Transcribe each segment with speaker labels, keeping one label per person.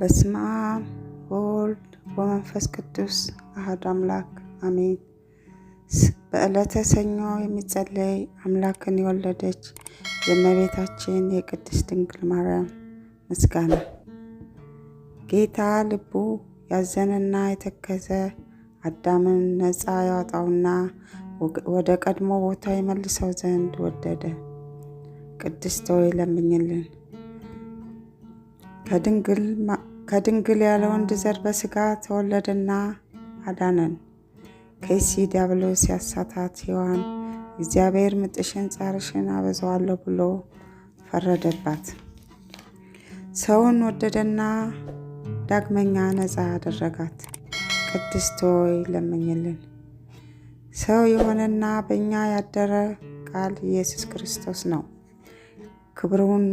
Speaker 1: በስመ አብ ወወልድ ወመንፈስ ቅዱስ አህድ አምላክ አሜን። በዕለተ ሰኞ የሚጸለይ አምላክን የወለደች የእመቤታችን የቅድስት ድንግል ማርያም ምስጋና። ጌታ ልቡ ያዘነና የተከዘ አዳምን ነፃ ያወጣውና ወደ ቀድሞ ቦታ ይመልሰው ዘንድ ወደደ። ቅድስት ሆይ ለምኝልን። ከድንግል ከድንግል ያለ ወንድ ዘር በስጋ ተወለደና አዳነን። ከሲ ዲያብሎስ ያሳታት ሔዋን እግዚአብሔር ምጥሽን ጻርሽን አበዛዋለሁ ብሎ ፈረደባት። ሰውን ወደደና ዳግመኛ ነፃ አደረጋት። ቅድስት ሆይ ለምኝልን። ሰው የሆነና በእኛ ያደረ ቃል ኢየሱስ ክርስቶስ ነው። ክብሩን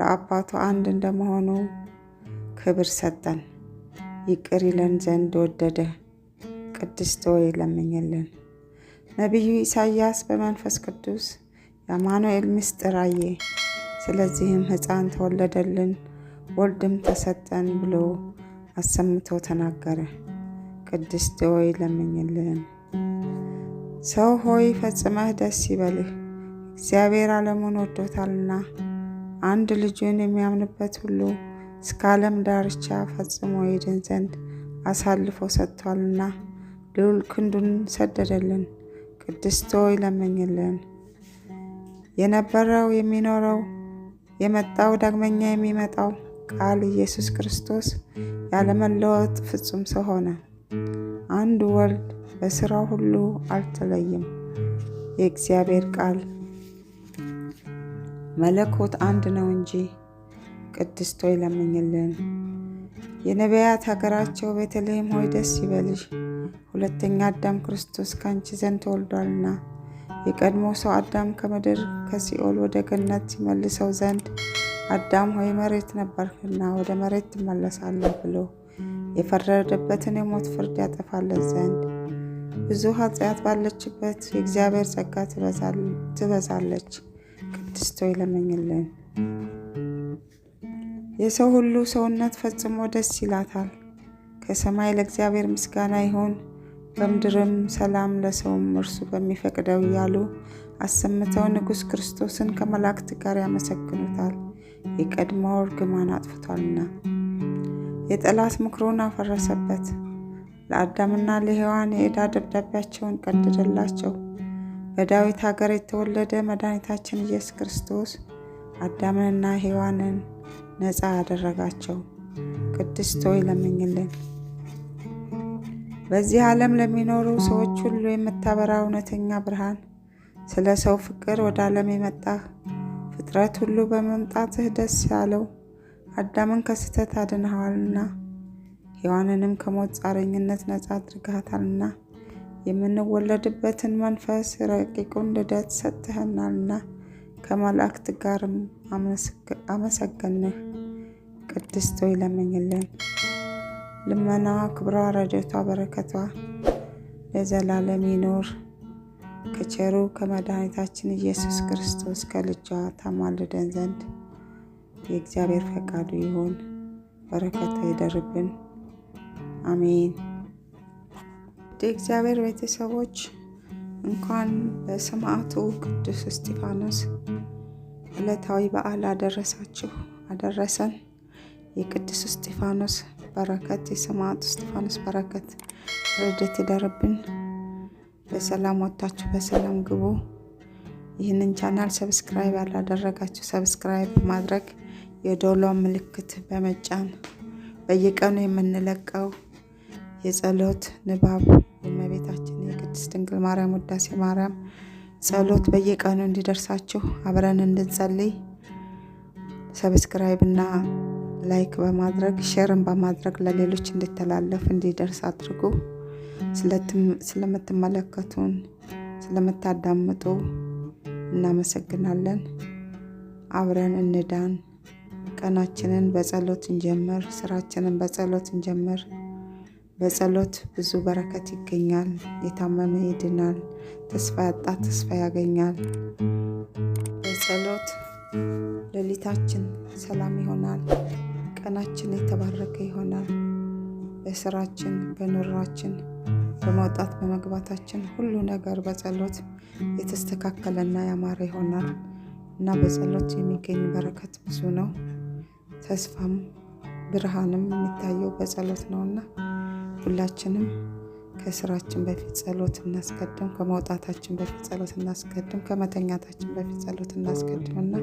Speaker 1: ለአባቱ አንድ እንደመሆኑ ክብር ሰጠን። ይቅር ይለን ዘንድ ወደደ። ቅድስት ሆይ ለምኝልን። ነቢዩ ኢሳይያስ በመንፈስ ቅዱስ የአማኑኤል ምስጢር አየ፣ ስለዚህም ሕፃን ተወለደልን ወልድም ተሰጠን ብሎ አሰምቶ ተናገረ። ቅድስት ሆይ ለምኝልን። ሰው ሆይ ፈጽመህ ደስ ይበልህ፣ እግዚአብሔር ዓለሙን ወዶታልና አንድ ልጁን የሚያምንበት ሁሉ እስከ ዓለም ዳርቻ ፈጽሞ ይድን ዘንድ አሳልፎ ሰጥቷልና ልዑል ክንዱን ሰደደልን። ቅድስት ሆይ ለምኝልን። የነበረው የሚኖረው የመጣው ዳግመኛ የሚመጣው ቃል ኢየሱስ ክርስቶስ ያለመለወጥ ፍጹም ሰው ሆነ። አንድ ወልድ በስራው ሁሉ አልተለይም። የእግዚአብሔር ቃል መለኮት አንድ ነው እንጂ ቅድስት ሆይ ለምኝልን። የነቢያት ሀገራቸው ቤተልሔም ሆይ ደስ ይበልሽ፣ ሁለተኛ አዳም ክርስቶስ ከአንቺ ዘንድ ተወልዷልና የቀድሞ ሰው አዳም ከምድር ከሲኦል ወደ ገነት ሲመልሰው ዘንድ አዳም ሆይ መሬት ነበርክና ወደ መሬት ትመለሳለህ ብሎ የፈረደበትን የሞት ፍርድ ያጠፋለት ዘንድ ብዙ ኃጢአት ባለችበት የእግዚአብሔር ጸጋ ትበዛለች። ቅድስት ሆይ ለምኝልን። የሰው ሁሉ ሰውነት ፈጽሞ ደስ ይላታል። ከሰማይ ለእግዚአብሔር ምስጋና ይሁን፣ በምድርም ሰላም ለሰውም እርሱ በሚፈቅደው እያሉ አሰምተው ንጉሥ ክርስቶስን ከመላእክት ጋር ያመሰግኑታል። የቀድሞው እርግማን አጥፍቷልና የጠላት ምክሩን አፈረሰበት። ለአዳምና ለሔዋን የዕዳ ደብዳቤያቸውን ቀደደላቸው። በዳዊት ሀገር የተወለደ መድኃኒታችን ኢየሱስ ክርስቶስ አዳምንና ሔዋንን ነፃ አደረጋቸው። ቅድስት ሆይ ለምኝልን። በዚህ ዓለም ለሚኖሩ ሰዎች ሁሉ የምታበራ እውነተኛ ብርሃን፣ ስለ ሰው ፍቅር ወደ ዓለም የመጣህ ፍጥረት ሁሉ በመምጣትህ ደስ ያለው አዳምን ከስህተት አድንሃዋልና ሔዋንንም ከሞት ጻረኝነት ነፃ አድርግሃታልና የምንወለድበትን መንፈስ ረቂቁን ልደት ሰጥተህናልና ከመላእክት ጋርም አመሰገንህ። ቅድስት ሆይ ለምኝልን። ልመናዋ፣ ክብሯ፣ ረድኤቷ፣ በረከቷ ለዘላለም ይኖር። ከቸሩ ከመድኃኒታችን ኢየሱስ ክርስቶስ ከልጇ ታማልደን ዘንድ የእግዚአብሔር ፈቃዱ ይሁን። በረከታ ይደርብን። አሜን። የእግዚአብሔር ቤተሰቦች እንኳን በሰማዕቱ ቅዱስ እስጢፋኖስ ዕለታዊ በዓል አደረሳችሁ አደረሰን። የቅዱስ እስጢፋኖስ በረከት የሰማዕቱ እስጢፋኖስ በረከት ረድኤት ይደርብን። በሰላም ወጥታችሁ በሰላም ግቡ። ይህንን ቻናል ሰብስክራይብ ያላደረጋችሁ ሰብስክራይብ ማድረግ የዶሎ ምልክት በመጫን በየቀኑ የምንለቀው የጸሎት ንባብ የእመቤታችን የቅድስት ድንግል ማርያም ውዳሴ ማርያም ጸሎት በየቀኑ እንዲደርሳችሁ አብረን እንድንጸልይ ሰብስክራይብ እና ላይክ በማድረግ ሼርን በማድረግ ለሌሎች እንዲተላለፍ እንዲደርስ አድርጉ። ስለምትመለከቱን ስለምታዳምጡ እናመሰግናለን። አብረን እንዳን። ቀናችንን በጸሎት እንጀምር። ስራችንን በጸሎት እንጀምር። በጸሎት ብዙ በረከት ይገኛል። የታመመ ይድናል። ተስፋ ያጣ ተስፋ ያገኛል። በጸሎት ሌሊታችን ሰላም ይሆናል። ቀናችን የተባረከ ይሆናል። በስራችን፣ በኑሯችን፣ በመውጣት በመግባታችን ሁሉ ነገር በጸሎት የተስተካከለና ያማረ ይሆናል እና በጸሎት የሚገኝ በረከት ብዙ ነው። ተስፋም ብርሃንም የሚታየው በጸሎት ነውና ሁላችንም ከስራችን በፊት ጸሎት እናስቀድም፣ ከመውጣታችን በፊት ጸሎት እናስቀድም፣ ከመተኛታችን በፊት ጸሎት እናስቀድም እና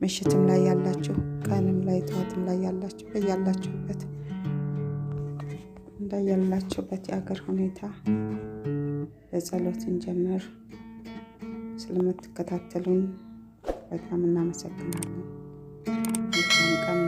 Speaker 1: ምሽትም ላይ ያላችሁ፣ ቀንም ላይ ጠዋትም ላይ ያላችሁ በያላችሁበት እንዳያላችሁበት የአገር ሁኔታ በጸሎት እንጀምር። ስለምትከታተሉን በጣም እናመሰግናለን።